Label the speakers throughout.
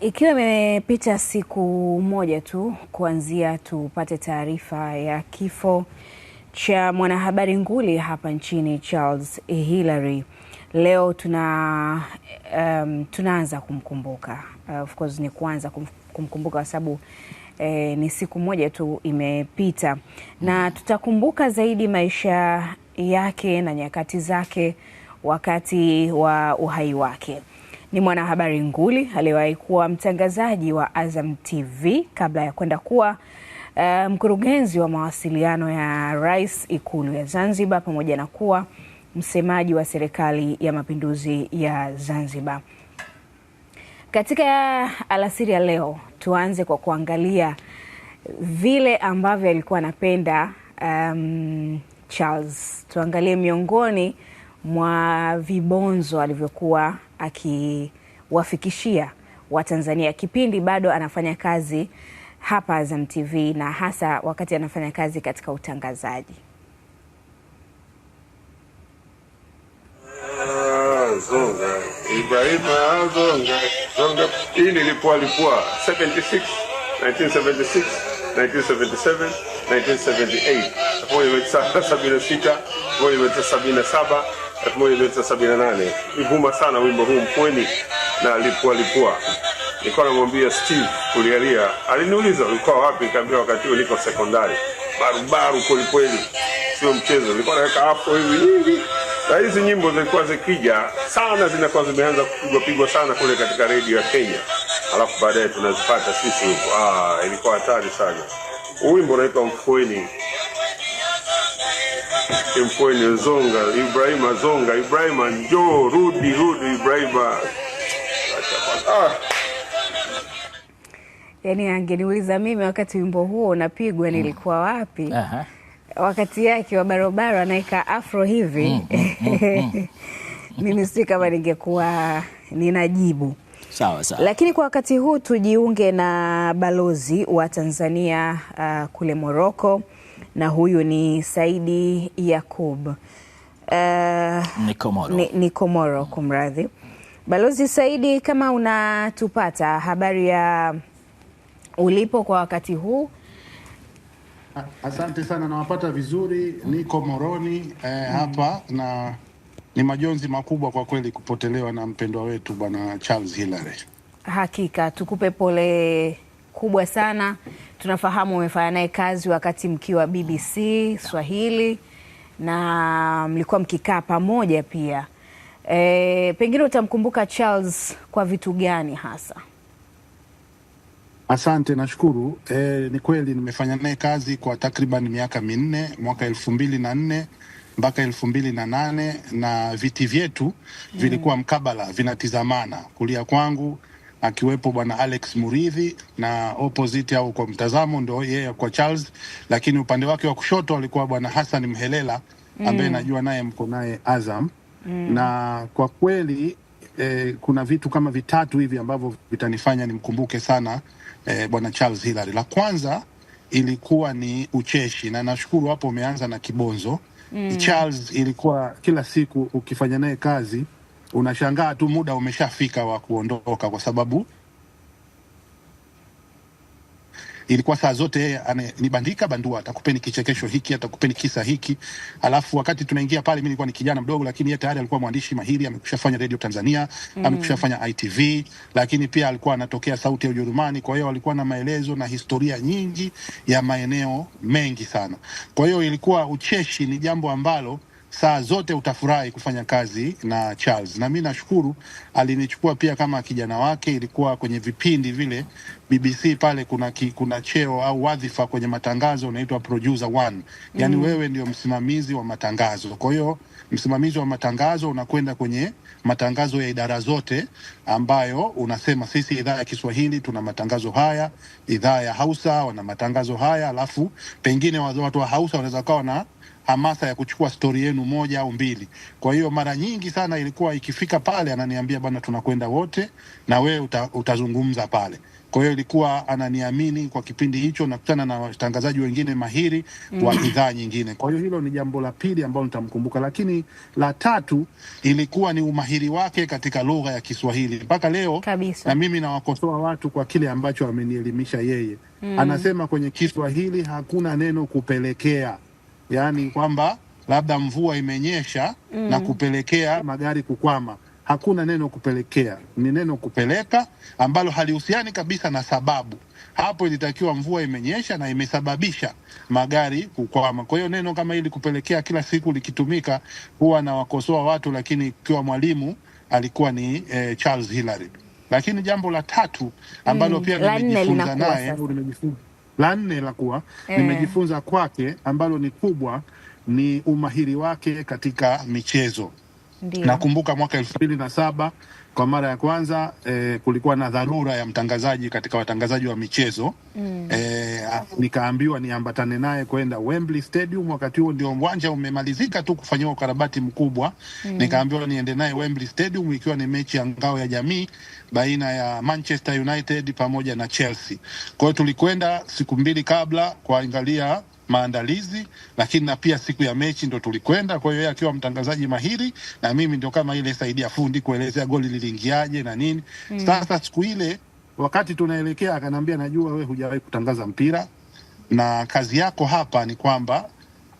Speaker 1: Ikiwa imepita siku moja tu kuanzia tupate taarifa ya kifo cha mwanahabari nguli hapa nchini Charles Hilary, leo tuna um, tunaanza kumkumbuka. Uh, of course ni kuanza kum, kumkumbuka kwa sababu eh, ni siku moja tu imepita, na tutakumbuka zaidi maisha yake na nyakati zake wakati wa uhai wake. Ni mwanahabari nguli aliyewahi kuwa mtangazaji wa Azam TV kabla ya kwenda kuwa uh, mkurugenzi wa mawasiliano ya Rais Ikulu ya Zanzibar pamoja na kuwa msemaji wa Serikali ya Mapinduzi ya Zanzibar. Katika alasiri ya leo, tuanze kwa kuangalia vile ambavyo alikuwa anapenda um, Charles. Tuangalie miongoni mwa vibonzo alivyokuwa akiwafikishia Watanzania kipindi bado anafanya kazi hapa Azam TV na hasa wakati anafanya kazi katika utangazaji.
Speaker 2: Zonga Ibrahima Zonga Zonga, hii ni Lipwa 76 1976 1977 1978 1976 1977 1978 ivuma sana wimbo huu Mpweni na lipua lipua. Nilikuwa namwambia Steve kulialia, aliniuliza ulikuwa wapi? Nikamwambia wakati huo niko sekondari, barubaru kwelikweli, sio mchezo. Nilikuwa naweka afro hivi hivi, na hizi nyimbo zilikuwa zikija sana, zinakuwa zimeanza kupigwa pigwa sana kule katika redio ya Kenya, alafu baadaye tunazipata sisi huko. Ah, ilikuwa hatari sana. Wimbo unaitwa Mpweni Mkwenye Zonga, Ibrahima Zonga, Ibrahima njoo, rudi rudi Ibrahima. Ah.
Speaker 1: Yaani angeniuliza mimi wakati wimbo huo unapigwa mm. nilikuwa wapi? Wakati yake wa barobaro anaika afro hivi mm, mm, mm Mimi sijui kama ningekuwa ninajibu sawa sawa, lakini kwa wakati huu tujiunge na balozi wa Tanzania uh, kule Morocco na huyu ni Saidi Yakub. Uh, ni Komoro, ni, kumradhi. Balozi Saidi, kama unatupata habari ya ulipo kwa wakati huu?
Speaker 2: Asante sana, nawapata vizuri, niko Moroni eh, mm. hapa na ni majonzi makubwa kwa kweli kupotelewa na mpendwa wetu bwana Charles Hilary.
Speaker 1: Hakika tukupe pole kubwa sana. Tunafahamu umefanya naye kazi wakati mkiwa BBC Swahili na mlikuwa mkikaa pamoja pia. E, pengine utamkumbuka Charles kwa vitu gani hasa?
Speaker 2: Asante, nashukuru. E, ni kweli nimefanya naye kazi kwa takriban miaka minne, mwaka elfu mbili na nne mpaka elfu mbili na nane na viti vyetu mm. vilikuwa mkabala, vinatizamana kulia kwangu akiwepo bwana Alex Muridhi na opposite au kwa mtazamo ndo yeye kwa Charles, lakini upande wake wa kushoto alikuwa bwana Hassan Mhelela ambaye mm. najua naye mko naye Azam mm. na kwa kweli eh, kuna vitu kama vitatu hivi ambavyo vitanifanya nimkumbuke sana eh, bwana Charles Hilary. La kwanza ilikuwa ni ucheshi, na nashukuru hapo umeanza na kibonzo mm. Charles ilikuwa kila siku ukifanya naye kazi unashangaa tu muda umeshafika wa kuondoka, kwa sababu ilikuwa saa zote yeye ni bandua, atakupeni kichekesho hiki, atakupeni kisa hiki. Alafu wakati tunaingia pale, mimi nilikuwa ni kijana mdogo, lakini yeye tayari alikuwa mwandishi mahiri, amekushafanya Radio Tanzania mm. amekushafanya ITV, lakini pia alikuwa anatokea Sauti ya Ujerumani. Kwa hiyo alikuwa na maelezo na historia nyingi ya maeneo mengi sana. Kwa hiyo ilikuwa ucheshi ni jambo ambalo saa zote utafurahi kufanya kazi na Charles, na mi nashukuru alinichukua pia kama kijana wake. Ilikuwa kwenye vipindi vile BBC pale, kuna, ki, kuna cheo au wadhifa kwenye matangazo unaitwa producer one, yani mm. wewe ndio msimamizi wa matangazo. Kwa hiyo msimamizi wa matangazo unakwenda kwenye matangazo ya idara zote, ambayo unasema sisi idhaa ya Kiswahili tuna matangazo haya, idhaa ya Hausa wana matangazo haya, alafu pengine watu wa Hausa wanaweza kawa na hamasa ya kuchukua stori yenu moja au mbili. Kwa hiyo mara nyingi sana ilikuwa ikifika pale ananiambia bana tunakwenda wote na wewe uta, utazungumza pale. Kwa hiyo ilikuwa ananiamini kwa kipindi hicho, nakutana na watangazaji wengine mahiri wa bidhaa mm. nyingine. Kwa hiyo hilo ni jambo la pili ambalo nitamkumbuka, lakini la tatu ilikuwa ni umahiri wake katika lugha ya Kiswahili mpaka leo kabisa. Na mimi nawakosoa watu kwa kile ambacho amenielimisha yeye mm. Anasema kwenye Kiswahili hakuna neno kupelekea yaani kwamba labda mvua imenyesha mm. na kupelekea magari kukwama. Hakuna neno kupelekea, ni neno kupeleka ambalo halihusiani kabisa na sababu. Hapo ilitakiwa mvua imenyesha na imesababisha magari kukwama. Kwa hiyo neno kama hili kupelekea, kila siku likitumika, huwa nawakosoa watu, lakini ikiwa mwalimu alikuwa ni eh, Charles Hillary. Lakini jambo la tatu ambalo mm. pia nimejifunza naye la nne la kuwa e, nimejifunza kwake ambalo ni kubwa ni umahiri wake katika michezo. Nakumbuka mwaka elfu mbili na saba kwa mara ya kwanza eh, kulikuwa na dharura ya mtangazaji katika watangazaji wa michezo mm. Eh, nikaambiwa niambatane naye kwenda Wembley Stadium. Wakati huo ndio uwanja umemalizika tu kufanyiwa ukarabati mkubwa mm. Nikaambiwa niende naye Wembley Stadium, ikiwa ni mechi ya ngao ya jamii baina ya Manchester United pamoja na Chelsea. Kwa hiyo tulikwenda siku mbili kabla kuangalia maandalizi, lakini na pia siku ya mechi ndo tulikwenda. Kwa hiyo yeye akiwa mtangazaji mahiri na mimi ndio kama ile saidia fundi kuelezea goli liliingiaje na nini mm. Sasa siku ile wakati tunaelekea, akanambia najua we hujawahi kutangaza mpira na kazi yako hapa ni kwamba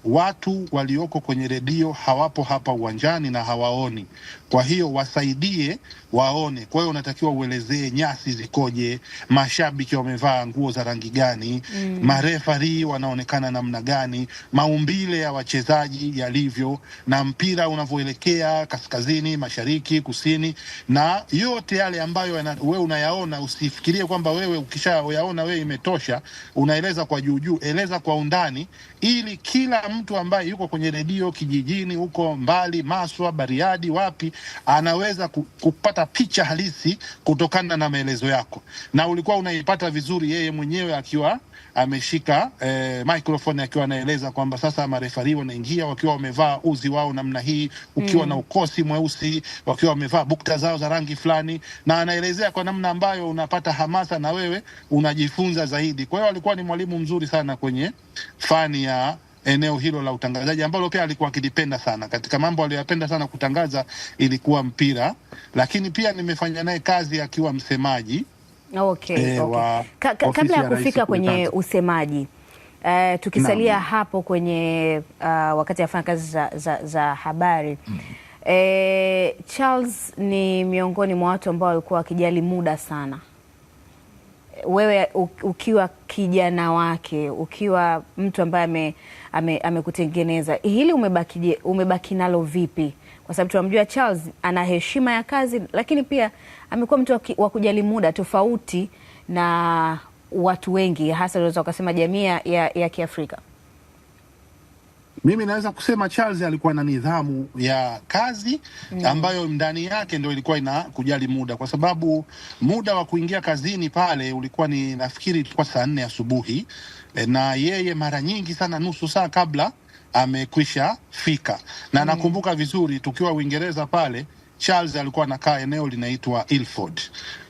Speaker 2: watu walioko kwenye redio hawapo hapa uwanjani na hawaoni, kwa hiyo wasaidie waone. Kwa hiyo unatakiwa uelezee nyasi zikoje, mashabiki wamevaa nguo za rangi gani, mm. marefari wanaonekana namna gani, maumbile ya wachezaji yalivyo, na mpira unavyoelekea kaskazini, mashariki, kusini, na yote yale ambayo wewe unayaona. Usifikirie kwamba wewe ukishayaona wewe imetosha, unaeleza kwa juu, eleza kwa undani, ili kila mtu ambaye yuko kwenye redio kijijini, huko mbali, Maswa, Bariadi, wapi, anaweza kupata kupata picha halisi kutokana na maelezo yako, na ulikuwa unaipata vizuri yeye mwenyewe akiwa ameshika eh, microphone akiwa anaeleza kwamba sasa marefari wanaingia wakiwa wamevaa uzi wao namna hii, ukiwa mm, na ukosi mweusi, wakiwa wamevaa bukta zao za rangi fulani, na anaelezea kwa namna ambayo unapata hamasa na wewe unajifunza zaidi. Kwa hiyo alikuwa ni mwalimu mzuri sana kwenye fani ya eneo hilo la utangazaji ambalo pia alikuwa akilipenda sana. Katika mambo aliyopenda sana kutangaza ilikuwa mpira, lakini pia nimefanya naye kazi akiwa msemaji. Okay, e, okay. Ka -ka kabla ya kufika
Speaker 1: kwenye usemaji uh, tukisalia na hapo kwenye uh, wakati afanya kazi za, za, za habari mm -hmm. Charles ni miongoni mwa watu ambao walikuwa wakijali muda sana. Wewe ukiwa kijana wake, ukiwa mtu ambaye ame amekutengeneza ame hili umebaki, umebaki nalo vipi? Kwa sababu tunamjua Charles ana heshima ya kazi, lakini pia amekuwa mtu wa kujali muda, tofauti na watu wengi, hasa unaweza ukasema jamii ya, ya Kiafrika.
Speaker 2: Mimi naweza kusema Charles alikuwa na nidhamu ya kazi mm. ambayo ndani yake ndio ilikuwa ina kujali muda, kwa sababu muda wa kuingia kazini pale ulikuwa ni nafikiri ilikuwa saa nne asubuhi Eh, na yeye mara nyingi sana nusu saa kabla amekwisha fika na mm. Nakumbuka vizuri tukiwa Uingereza pale Charles alikuwa anakaa eneo linaitwa Ilford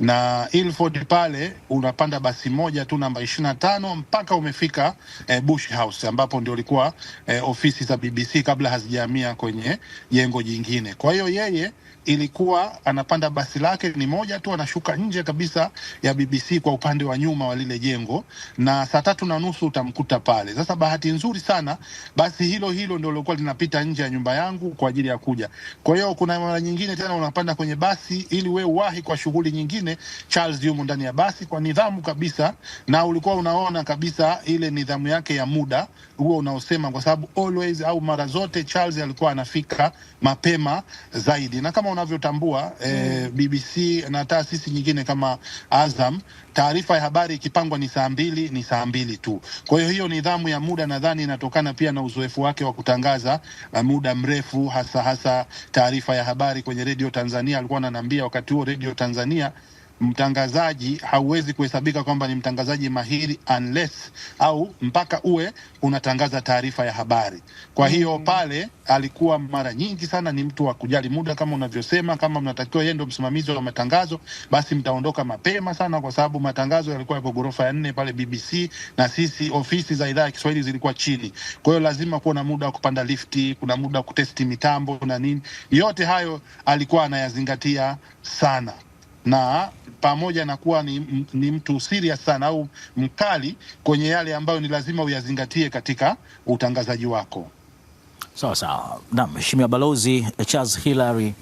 Speaker 2: na Ilford pale unapanda basi moja tu namba ishirini na tano mpaka umefika eh, Bush House ambapo ndio ilikuwa eh, ofisi za BBC kabla hazijahamia kwenye jengo jingine. Kwa hiyo yeye ilikuwa anapanda basi lake ni moja tu, anashuka nje kabisa ya BBC kwa upande wa nyuma wa lile jengo, na saa tatu na nusu utamkuta pale. Sasa bahati nzuri sana basi hilo hilo ndio lilikuwa linapita nje ya nyumba yangu kwa ajili ya kuja. Kwa hiyo kuna mara nyingine tena unapanda kwenye basi ili we uwahi kwa shughuli nyingine, Charles yumo ndani ya basi kwa nidhamu kabisa, na ulikuwa unaona kabisa ile nidhamu yake ya muda huo unaosema, kwa sababu always au mara zote Charles alikuwa anafika mapema zaidi na kama kama unavyotambua e, eh, mm. BBC na taasisi nyingine kama Azam, taarifa ya habari ikipangwa ni saa mbili ni saa mbili tu. Kwa hiyo hiyo nidhamu ya muda nadhani inatokana pia na uzoefu wake wa kutangaza eh, muda mrefu, hasa hasa taarifa ya habari kwenye redio Tanzania. Alikuwa ananiambia wakati huo redio Tanzania mtangazaji hauwezi kuhesabika kwamba ni mtangazaji mahiri unless au mpaka uwe unatangaza taarifa ya habari. Kwa mm. hiyo pale alikuwa mara nyingi sana ni mtu wa kujali muda, kama unavyosema, kama mnatakiwa yeye ndio msimamizi wa matangazo, basi mtaondoka mapema sana, kwa sababu matangazo yalikuwa yapo ghorofa ya nne pale BBC, na sisi ofisi za idhaa ya Kiswahili zilikuwa chini. Kwa hiyo lazima kuwa na muda wa kupanda lifti, kuna muda wa kutesti mitambo na nini, yote hayo alikuwa anayazingatia sana na pamoja na kuwa ni, ni mtu serious sana au mkali kwenye yale ambayo ni lazima uyazingatie katika utangazaji wako.
Speaker 3: Sawa sawa. Naam, Mheshimiwa Balozi eh, Charles Hilary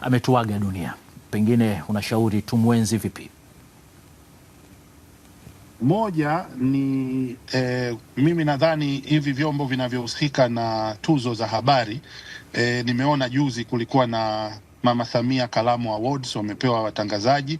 Speaker 3: ametuaga dunia, pengine unashauri tumwenzi vipi?
Speaker 2: Moja ni eh, mimi nadhani hivi vyombo vinavyohusika na tuzo za habari eh, nimeona juzi kulikuwa na Mama Samia Kalamu Awards wamepewa watangazaji.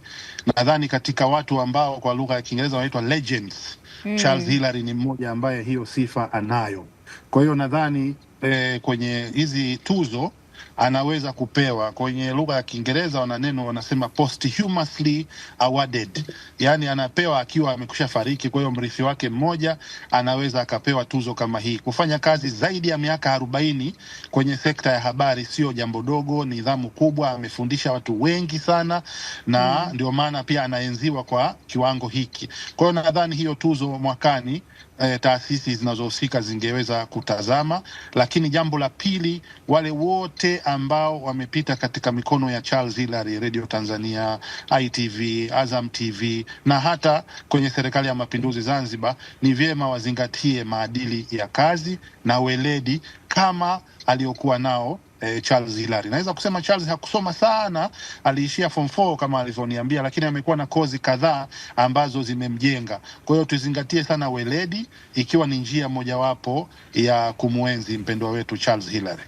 Speaker 2: Nadhani katika watu ambao kwa lugha ya Kiingereza wanaitwa legends mm. Charles Hilary ni mmoja ambaye hiyo sifa anayo. Kwa hiyo nadhani eh, kwenye hizi tuzo anaweza kupewa. Kwenye lugha ya Kiingereza wana neno wanasema posthumously awarded, yani anapewa akiwa amekusha fariki. Kwa hiyo mrithi wake mmoja anaweza akapewa tuzo kama hii. Kufanya kazi zaidi ya miaka arobaini kwenye sekta ya habari sio jambo dogo, nidhamu kubwa. Amefundisha watu wengi sana na mm, ndio maana pia anaenziwa kwa kiwango hiki. Kwa hiyo nadhani hiyo tuzo mwakani e, taasisi zinazohusika zingeweza kutazama. Lakini jambo la pili, wale wote ambao wamepita katika mikono ya Charles Hilary, Radio Tanzania, ITV, Azam TV na hata kwenye Serikali ya Mapinduzi Zanzibar, ni vyema wazingatie maadili ya kazi na weledi kama aliyokuwa nao eh, Charles Hilary. Naweza kusema Charles hakusoma sana, aliishia form 4 kama alivyoniambia, lakini amekuwa na kozi kadhaa ambazo zimemjenga. Kwa hiyo tuzingatie sana weledi, ikiwa ni njia mojawapo ya kumwenzi mpendwa wetu Charles Hilary.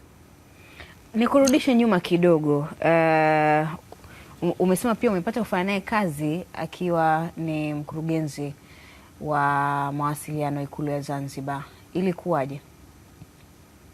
Speaker 1: Nikurudishe nyuma kidogo. Uh, umesema pia umepata kufanya naye kazi akiwa ni mkurugenzi wa mawasiliano Ikulu ya Zanzibar, ilikuwaje?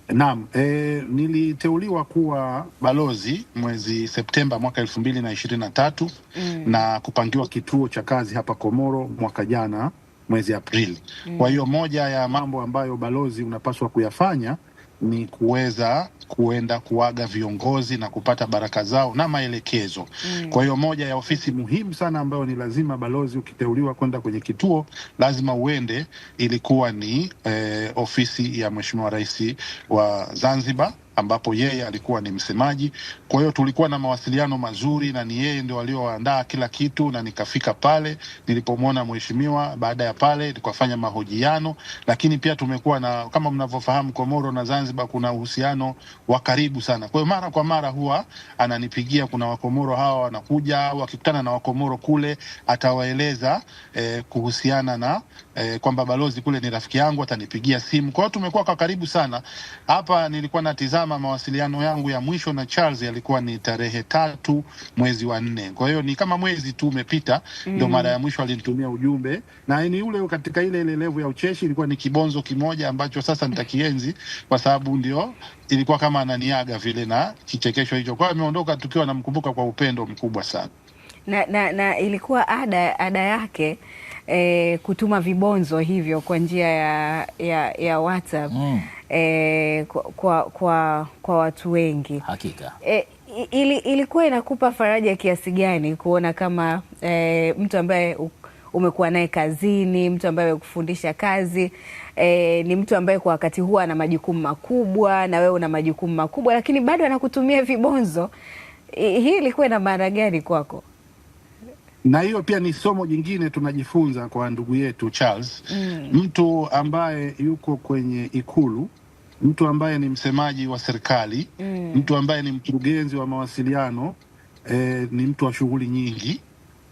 Speaker 2: Naam, e, niliteuliwa kuwa balozi mwezi Septemba mwaka elfu mbili na ishirini na tatu mm. na kupangiwa kituo cha kazi hapa Komoro mwaka jana mwezi Aprili mm. Kwa hiyo moja ya mambo ambayo balozi unapaswa kuyafanya ni kuweza kuenda kuaga viongozi na kupata baraka zao na maelekezo mm. Kwa hiyo moja ya ofisi muhimu sana ambayo ni lazima balozi ukiteuliwa kwenda kwenye kituo lazima uende, ilikuwa ni eh, ofisi ya Mheshimiwa Rais wa Zanzibar ambapo yeye alikuwa ni msemaji kwa hiyo tulikuwa na mawasiliano mazuri, na ni yeye ndio alioandaa kila kitu, na nikafika pale nilipomwona mheshimiwa. Baada ya pale tukafanya mahojiano, lakini pia tumekuwa na, kama mnavyofahamu, Komoro na Zanzibar kuna uhusiano wa karibu sana. Kwa hiyo mara kwa mara huwa ananipigia, kuna Wakomoro hawa wanakuja, wakikutana na Wakomoro kule atawaeleza eh, kuhusiana na eh, kwamba balozi kule ni rafiki yangu, atanipigia simu. Kwa hiyo tumekuwa kwa karibu sana. Hapa nilikuwa natizama mawasiliano yangu ya mwisho na Charles ilikuwa ni tarehe tatu mwezi wa nne. Kwa hiyo ni kama mwezi tu umepita ndo mm. mara ya mwisho alinitumia ujumbe, na ni ule katika ile ile levu ya ucheshi, ilikuwa ni kibonzo kimoja ambacho sasa nitakienzi kwa sababu ndio ilikuwa kama ananiaga vile na kichekesho hicho. Kwa hiyo ameondoka tukiwa namkumbuka kwa upendo mkubwa sana
Speaker 1: na, na, na ilikuwa ada ada yake e, kutuma vibonzo hivyo kwa njia ya, ya, ya WhatsApp mm. e, kwa, kwa, kwa watu wengi
Speaker 3: hakika e,
Speaker 1: ili, ilikuwa inakupa faraja kiasi gani kuona kama e, mtu ambaye umekuwa naye kazini, mtu ambaye amekufundisha kazi e, ni mtu ambaye kwa wakati huo ana majukumu makubwa na wewe una majukumu makubwa, lakini bado anakutumia vibonzo hii ilikuwa na maana gani kwako?
Speaker 2: na hiyo pia ni somo jingine tunajifunza kwa ndugu yetu Charles mm. Mtu ambaye yuko kwenye Ikulu, mtu ambaye ni msemaji wa serikali mm. Mtu ambaye ni mkurugenzi wa mawasiliano eh, ni mtu wa shughuli nyingi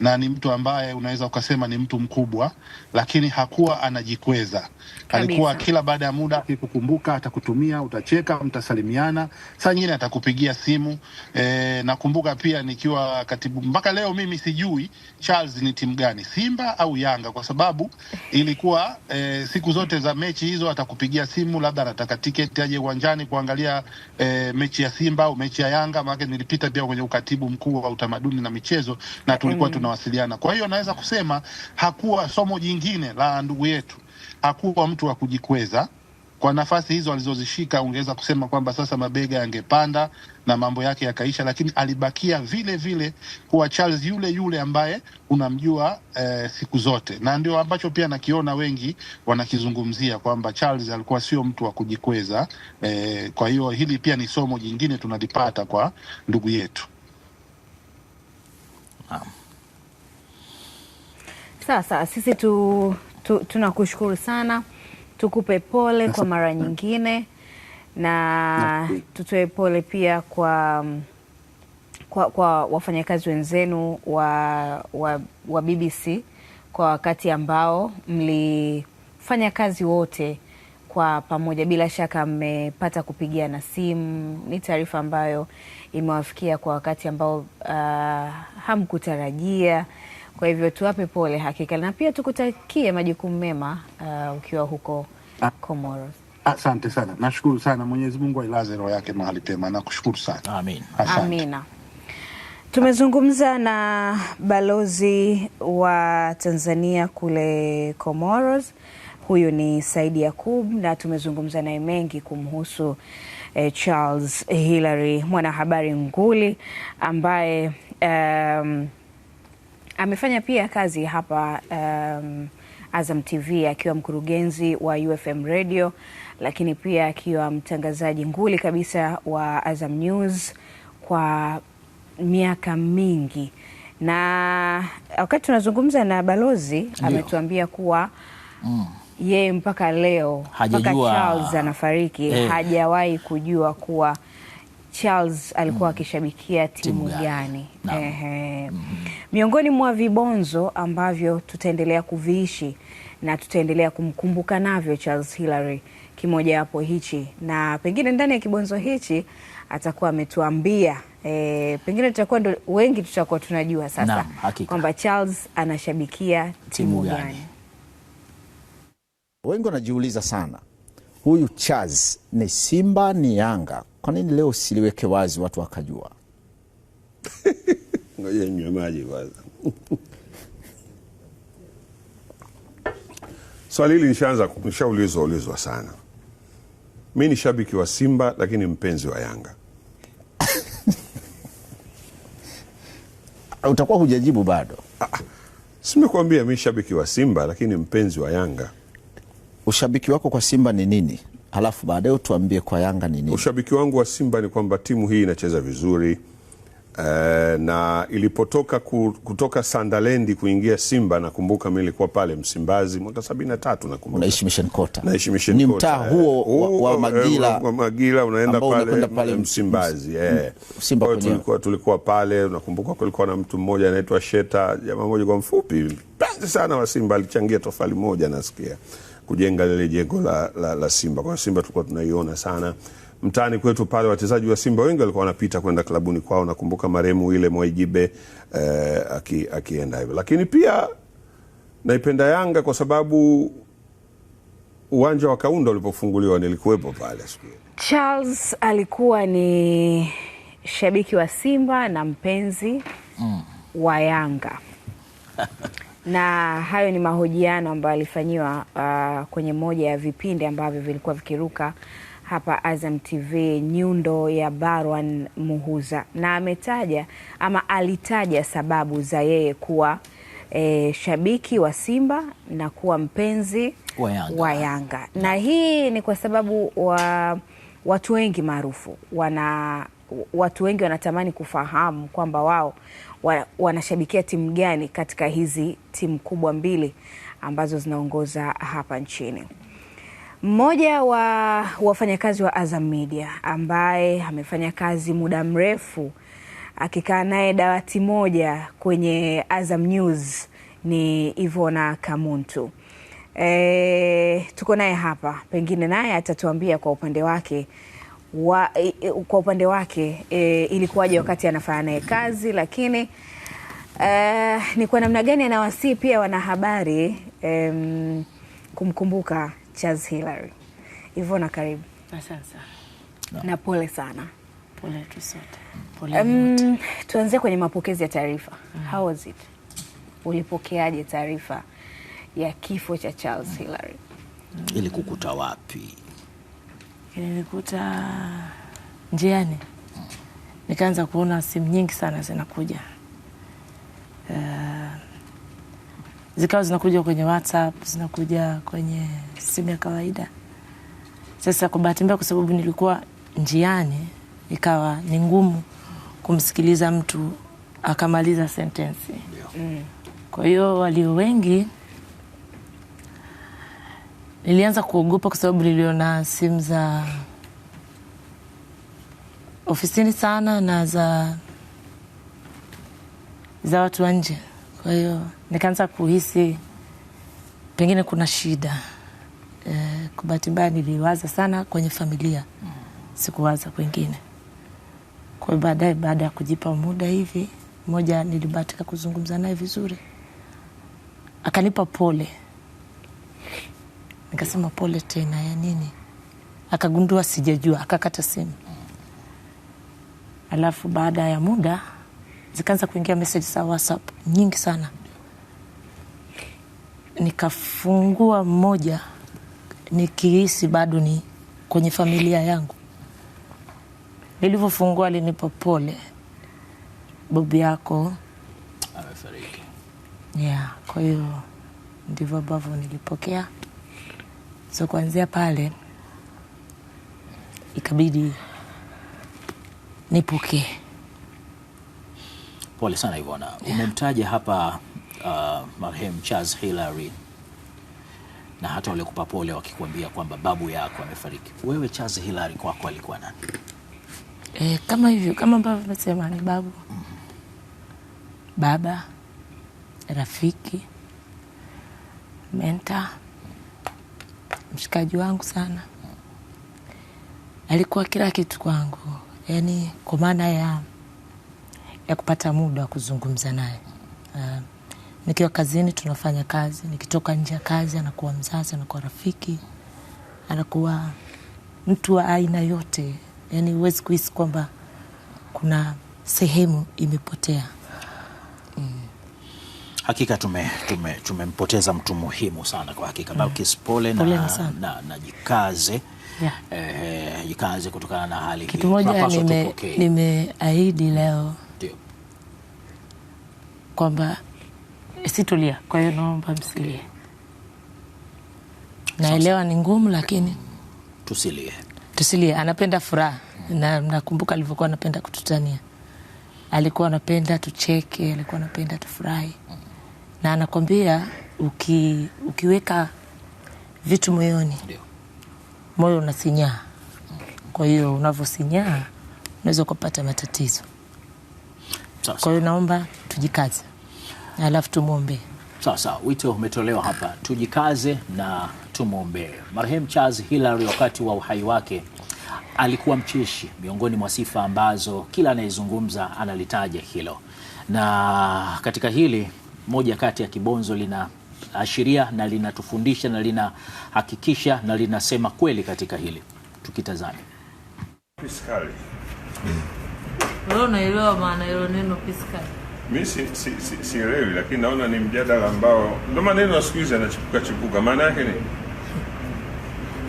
Speaker 2: na ni mtu ambaye unaweza ukasema ni mtu mkubwa, lakini hakuwa anajikweza. Alikuwa kila baada ya muda akikukumbuka atakutumia, utacheka, mtasalimiana, saa nyingine atakupigia simu e. Nakumbuka pia nikiwa katibu, mpaka leo mimi sijui Charles ni timu gani, Simba au Yanga, kwa sababu ilikuwa e, siku zote za mechi hizo atakupigia simu, labda anataka tiketi aje uwanjani kuangalia e, mechi ya Simba au mechi ya Yanga. Maana nilipita pia kwenye ukatibu mkuu wa utamaduni na michezo na tulikuwa mm. tuna tumewasiliana. Kwa hiyo naweza kusema hakuwa somo jingine la ndugu yetu, hakuwa mtu wa kujikweza kwa nafasi hizo alizozishika. Ungeweza kusema kwamba sasa mabega yangepanda na mambo yake yakaisha, lakini alibakia vile vile kuwa Charles yule yule ambaye unamjua e, siku zote, na ndio ambacho pia nakiona wengi wanakizungumzia kwamba Charles alikuwa sio mtu wa kujikweza e. Kwa hiyo hili pia ni somo jingine tunalipata kwa ndugu yetu. Naam.
Speaker 1: Sasa sisi tu, tu, tunakushukuru sana, tukupe pole kwa mara nyingine na tutoe pole pia kwa kwa, kwa wafanyakazi wenzenu wa, wa, wa BBC kwa wakati ambao mlifanya kazi wote kwa pamoja. Bila shaka mmepata kupigia na simu, ni taarifa ambayo imewafikia kwa wakati ambao uh, hamkutarajia. Kwa hivyo tuwape pole hakika, na pia tukutakie majukumu mema uh, ukiwa huko Comoros.
Speaker 2: Ah. Asante sana, nashukuru sana. Mwenyezi Mungu ailaze roho yake mahali pema, nakushukuru sana.
Speaker 3: Amin.
Speaker 1: Amina. Tumezungumza na balozi wa Tanzania kule Comoros, huyu ni Saidi Yakub, na tumezungumza naye mengi kumhusu eh, Charles Hilary, mwanahabari nguli ambaye um, Amefanya pia kazi hapa um, Azam TV akiwa mkurugenzi wa UFM Radio, lakini pia akiwa mtangazaji nguli kabisa wa Azam News kwa miaka mingi, na wakati tunazungumza na balozi ametuambia kuwa mm. yeye mpaka leo mpaka Charles anafariki eh, hajawahi kujua kuwa Charles alikuwa mm. akishabikia mm. timu gani? Ehe. Mm Miongoni mwa vibonzo ambavyo tutaendelea kuviishi na tutaendelea kumkumbuka navyo Charles Hilary kimoja hapo hichi, na pengine ndani ya kibonzo hichi atakuwa ametuambia e, pengine tutakuwa ndo wengi tutakuwa tunajua sasa kwamba Charles anashabikia timu gani.
Speaker 4: Wengi wanajiuliza sana, huyu Charles ni Simba ni Yanga? Kwa nini leo siliweke wazi watu wakajua? Ngoja nywe maji kwanza.
Speaker 5: Swali hili nishaanza nishaulizwa ulizwa sana. Mi ni shabiki wa Simba lakini mpenzi wa Yanga.
Speaker 4: Utakuwa hujajibu bado. Ah, ah.
Speaker 5: simekuambia mi shabiki wa Simba lakini mpenzi wa Yanga.
Speaker 4: Ushabiki wako kwa Simba ni nini? halafu baadaye utuambie kwa Yanga ni nini.
Speaker 5: Ushabiki wangu wa Simba ni kwamba timu hii inacheza vizuri uh, na ilipotoka ku, kutoka Sandalendi kuingia Simba, nakumbuka mimi nilikuwa pale Msimbazi mwaka sabini na tatu nakumbuka.
Speaker 4: Mission Kota. Naishi Mission Kota. Ni mtaa huo eh. eh, wa, wa Magila, wa
Speaker 5: Magila unaenda pale, pale Msimbazi eh. Mm, Simba tulikuwa, tulikuwa pale nakumbuka kulikuwa na mtu mmoja anaitwa Sheta, jamaa mmoja kwa mfupi mpenzi sana wa Simba, alichangia tofali moja nasikia kujenga lile jengo la, la, la Simba. Kwa Simba tulikuwa tunaiona sana mtaani kwetu pale, wachezaji wa Simba wengi walikuwa wanapita kwenda klabuni kwao. Nakumbuka marehemu ile Mwaijibe eh, akienda hivyo, lakini pia naipenda Yanga kwa sababu uwanja wa Kaunda ulipofunguliwa nilikuwepo pale siku
Speaker 1: Charles alikuwa ni shabiki wa Simba na mpenzi mm. wa Yanga na hayo ni mahojiano ambayo alifanyiwa uh, kwenye moja ya vipindi ambavyo vilikuwa vikiruka hapa Azam TV, nyundo ya Barwan Muhuza, na ametaja ama alitaja sababu za yeye kuwa e, shabiki wa Simba na kuwa mpenzi wa Yanga, wa Yanga. Na hii ni kwa sababu wa, watu wengi maarufu wana watu wengi wanatamani kufahamu kwamba wao wanashabikia timu gani katika hizi timu kubwa mbili ambazo zinaongoza hapa nchini. Mmoja wa wafanyakazi wa Azam Media ambaye amefanya kazi muda mrefu akikaa naye dawati moja kwenye Azam News ni Ivona Kamuntu. E, tuko naye hapa, pengine naye atatuambia kwa upande wake wa, e, e, kwa upande wake e, ilikuwaje wakati anafanya naye kazi, lakini uh, ni kwa namna gani anawasii pia wanahabari um, kumkumbuka Charles Hilary. Ivona, karibu. Asante sana no. na pole sana
Speaker 3: pole tu sote. Pole
Speaker 1: um, tuanzie kwenye mapokezi ya taarifa mm. How was it? Ulipokeaje taarifa ya kifo cha Charles Hilary?
Speaker 3: Ilikukuta wapi?
Speaker 6: ilinikuta njiani, nikaanza kuona simu nyingi sana zinakuja uh, zikawa zinakuja kwenye WhatsApp, zinakuja kwenye simu ya kawaida. Sasa kwa bahati mbaya, kwa sababu nilikuwa njiani, ikawa ni ngumu kumsikiliza mtu akamaliza sentensi mm. Kwa hiyo walio wengi Nilianza kuogopa kwa sababu niliona simu za ofisini sana na za za watu wa nje. Kwa hiyo nikaanza kuhisi pengine kuna shida e. Kwa bahati mbaya niliwaza sana kwenye familia, sikuwaza kwengine. Kwa hiyo baadaye, baada ya kujipa muda hivi, moja nilibahatika kuzungumza naye vizuri, akanipa pole Nikasema pole tena ya nini? Akagundua sijajua, akakata simu. Alafu baada ya muda zikaanza kuingia meseji za WhatsApp nyingi sana, nikafungua mmoja nikihisi bado ni kwenye familia yangu. Nilivyofungua alinipa pole, bobi yako
Speaker 3: amefariki.
Speaker 6: Yeah, kwa hiyo ndivyo ambavyo nilipokea. So kuanzia pale ikabidi nipoke.
Speaker 3: Pole sana Ivona, yeah. Umemtaja hapa uh, marehemu Charles Hilary na hata waliokupa pole wakikwambia kwamba babu yako amefariki. Wewe Charles Hilary kwako alikuwa nani?
Speaker 6: E, kama hivyo kama ambavyo amesema ni babu mm -hmm. Baba, rafiki, menta mshikaji wangu sana, alikuwa kila kitu kwangu, yani kwa maana ya, ya kupata muda wa kuzungumza naye uh, nikiwa kazini tunafanya kazi, nikitoka nje ya kazi anakuwa mzazi, anakuwa rafiki, anakuwa mtu wa aina yote, yani huwezi kuhisi kwamba kuna sehemu imepotea.
Speaker 3: Hakika tumempoteza tume, tume mtu muhimu sana kwa hakika. Mm. Balkis, pole na, na, na, na jikaze yeah. Eh, jikaze kutokana na hali hii.
Speaker 6: Kitu moja nimeahidi nime leo kwamba situlia, kwa hiyo naomba msilie. Naelewa ni ngumu, lakini tusilie, tusilie. Anapenda furaha na nakumbuka alivyokuwa anapenda kututania, alikuwa anapenda tucheke, alikuwa anapenda tufurahi hmm na anakwambia uki, ukiweka vitu moyoni moyo unasinyaa. Kwa hiyo unavyosinyaa unaweza ukapata matatizo. Kwa hiyo naomba tujikaze, alafu tumwombee.
Speaker 3: Sawa sawa, wito umetolewa hapa, tujikaze na tumwombee. Marehemu Charles Hilary wakati wa uhai wake alikuwa mcheshi, miongoni mwa sifa ambazo kila anayezungumza analitaja hilo, na katika hili moja kati ya kibonzo lina ashiria na linatufundisha na linahakikisha na linasema kweli katika hili. Tukitazame
Speaker 6: unaelewa maana hilo neno piskali?
Speaker 7: Mimi sielewi si, si, si, lakini naona ni mjadala ambao ndio maneno ya siku hizi yanachipuka chipuka. Maana yake ni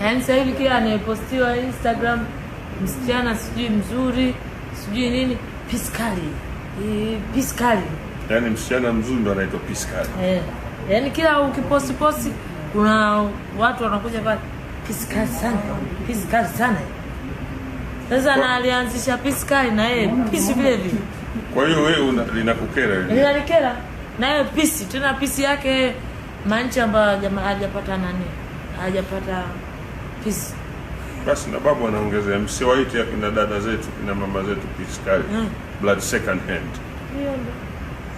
Speaker 6: yaani, sasa hivi kila anayepostiwa Instagram, msichana sijui mzuri sijui nini, piskali, piskali ee,
Speaker 7: yaani msichana mzuri ndo anaitwa Peace eh.
Speaker 6: Yaani kila ukiposti posti kuna watu wanakuja pale Peace sana, Peace sana. Sasa na alianzisha Peace na yeye pisi vile vile.
Speaker 7: Kwa hiyo wewe linakukera hili?
Speaker 6: Linanikera. Na yeye pisi, tena pisi yake manchi ambayo jamaa hajapata nani? Hajapata pisi
Speaker 7: Basi na babu anaongezea, msiwaite akina dada zetu, kina mama zetu Peace Mm. Blood second hand. Hiyo ndio.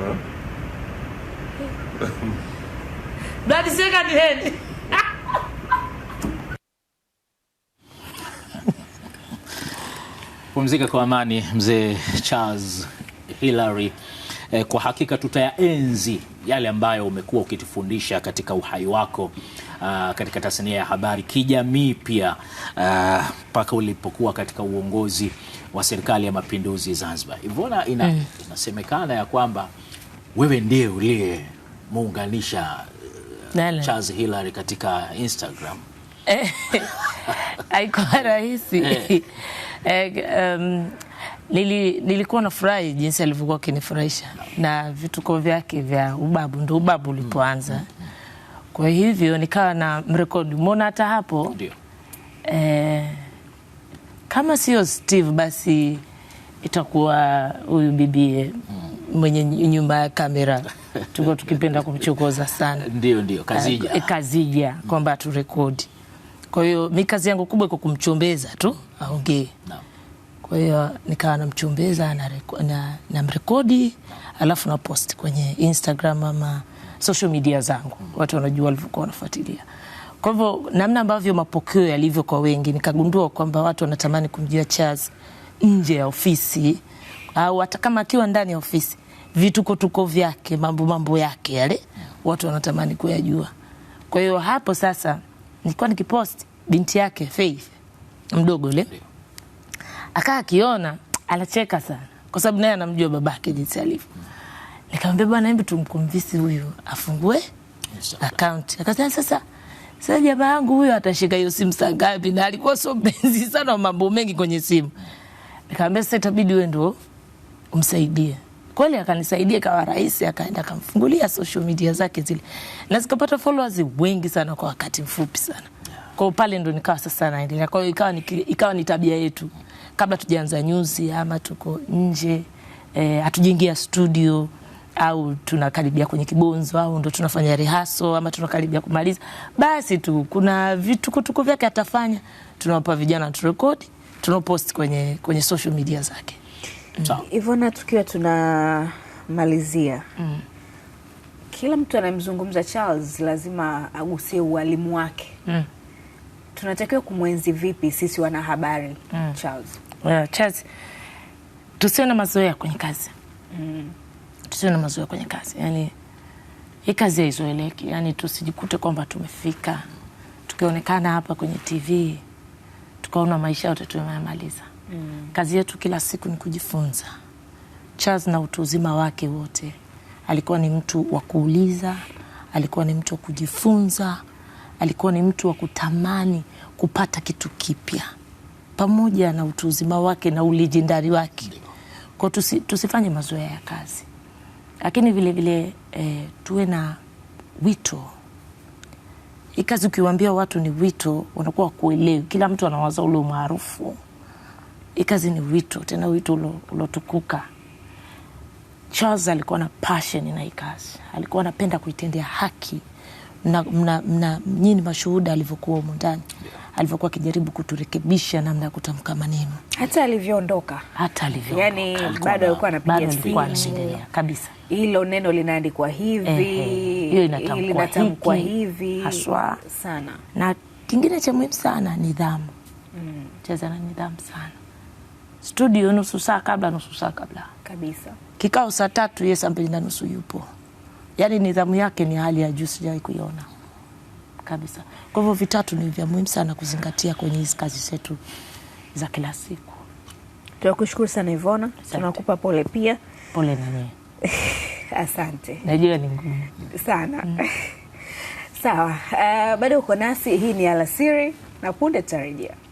Speaker 6: Blood second hand.
Speaker 3: Pumzika kwa amani mzee Charles Hilary. Eh, kwa hakika tutayaenzi yale ambayo umekuwa ukitufundisha katika uhai wako, uh, katika tasnia ya habari kijamii pia ah, mpaka uh, ulipokuwa katika uongozi wa serikali ya mapinduzi Zanzibar. Ivona ina, mm. inasemekana ya kwamba wewe ndiye uliye muunganisha uh, eh, Charles Hillary katika Instagram. Eh,
Speaker 1: haikuwa rahisi eh. um, nili, nilikuwa na furahi jinsi alivyokuwa akinifurahisha na vituko vyake vya ubabu, ndo ubabu ulipoanza. Mm, mm, mm. Kwa hivyo nikawa na mrekodi, mona hata hapo eh, kama sio Steve basi itakuwa huyu bibie mm mwenye nyumba ya kamera tulikuwa tukipenda kumchokoza sana,
Speaker 3: ndio ndio Kazija,
Speaker 1: uh, eh, Kazija kwamba aturekodi. Kwa hiyo mi kazi yangu kubwa iko kumchombeza tu aongee no. Kwa hiyo nikawa namchombeza na namrekodi na alafu na post kwenye Instagram ama social media zangu, watu wanajua walivyokuwa wanafuatilia. Kwa hivyo namna ambavyo mapokeo yalivyo kwa wengi, nikagundua kwamba watu wanatamani kumjua Charles nje ya ofisi au hata kama akiwa ndani ya ofisi, vituko tuko vyake, mambo mambo yake yale watu wanatamani kuyajua. Kwa hiyo hapo sasa nilikuwa nikipost binti yake Faith mdogo yule akaa akiona anacheka sana, kwa sababu naye anamjua babake jinsi alivyo. Nikamwambia bwana, hebu tumkumvisi huyu afungue account. Akasema sasa sasa jamaa yangu huyo atashika hiyo simu saa ngapi? Na alikuwa so busy sana mambo mengi kwenye simu. Nikamwambia sasa itabidi wewe ndio umsaidie. Kweli akanisaidia, kawa rahisi, akaenda akamfungulia social media zake zile, na zikapata followers wengi sana kwa wakati mfupi sana. Kwa pale ndo nikawa sasa naendelea. Kwa hiyo ikawa ni, ikawa ni tabia yetu kabla tujaanza nyuzi ama tuko nje eh, hatujaingia e, studio au tunakaribia kwenye kibonzo au ndo tunafanya rehaso ama tunakaribia kumaliza, basi tu kuna vitukutuku vyake atafanya, tunawapa vijana turekodi, tunapost kwenye, kwenye social media zake mm. tukiwa tunamalizia mm. Kila mtu anayemzungumza Charles lazima agusie ualimu wake mm. Tunatakiwa kumwenzi vipi sisi wanahabari mm. Charles?
Speaker 6: Well, Charles tusiwe na mazoea kwenye kazi mm. Tusiwe na mazoea kwenye kazi, yani hii kazi haizoeleki, yani tusijikute kwamba tumefika tukionekana hapa kwenye TV tukaona maisha yote tumemaliza mm. Kazi yetu kila siku ni kujifunza. Charles na utu uzima wake wote alikuwa ni mtu wa kuuliza, alikuwa ni mtu wa kujifunza, alikuwa ni mtu wa kutamani kupata kitu kipya, pamoja na utu uzima wake na ulijindari wake kwa tusi, tusifanye mazoea ya kazi, lakini vilevile e, eh, tuwe na wito hii kazi ukiwaambia watu ni wito, wanakuwa kuelewi. Kila mtu anawaza ule umaarufu. Hii kazi ni wito, tena wito ulotukuka. Charles alikuwa na passion na hii kazi, alikuwa anapenda kuitendea haki na nyini mashuhuda alivyokuwa humu ndani alivyokuwa akijaribu kuturekebisha namna ya kutamka maneno,
Speaker 1: hata alivyoondoka,
Speaker 6: hata alivyoondoka, yani
Speaker 1: bado alikuwa anapiga simu kabisa, hilo neno linaandikwa hivi,
Speaker 6: hiyo inatamkwa hivi
Speaker 1: haswa sana.
Speaker 6: Na kingine cha muhimu sana, nidhamu. Mm, chezana na nidhamu sana studio nusu saa kabla, nusu saa kabla kabisa. Kikao saa tatu, yeye saa mbili na nusu yupo. Yaani nidhamu yake ni hali ya juu, sijawahi kuiona kabisa. Kwa hivyo vitatu ni vya muhimu sana kuzingatia kwenye hizi kazi zetu za kila siku.
Speaker 1: Tunakushukuru sana Ivona, tunakupa pole pia.
Speaker 3: Pole nani?
Speaker 1: asante,
Speaker 6: najua ni ngumu
Speaker 1: sana mm. Sawa. Uh, bado uko nasi. Hii ni Alasiri na punde tutarejea.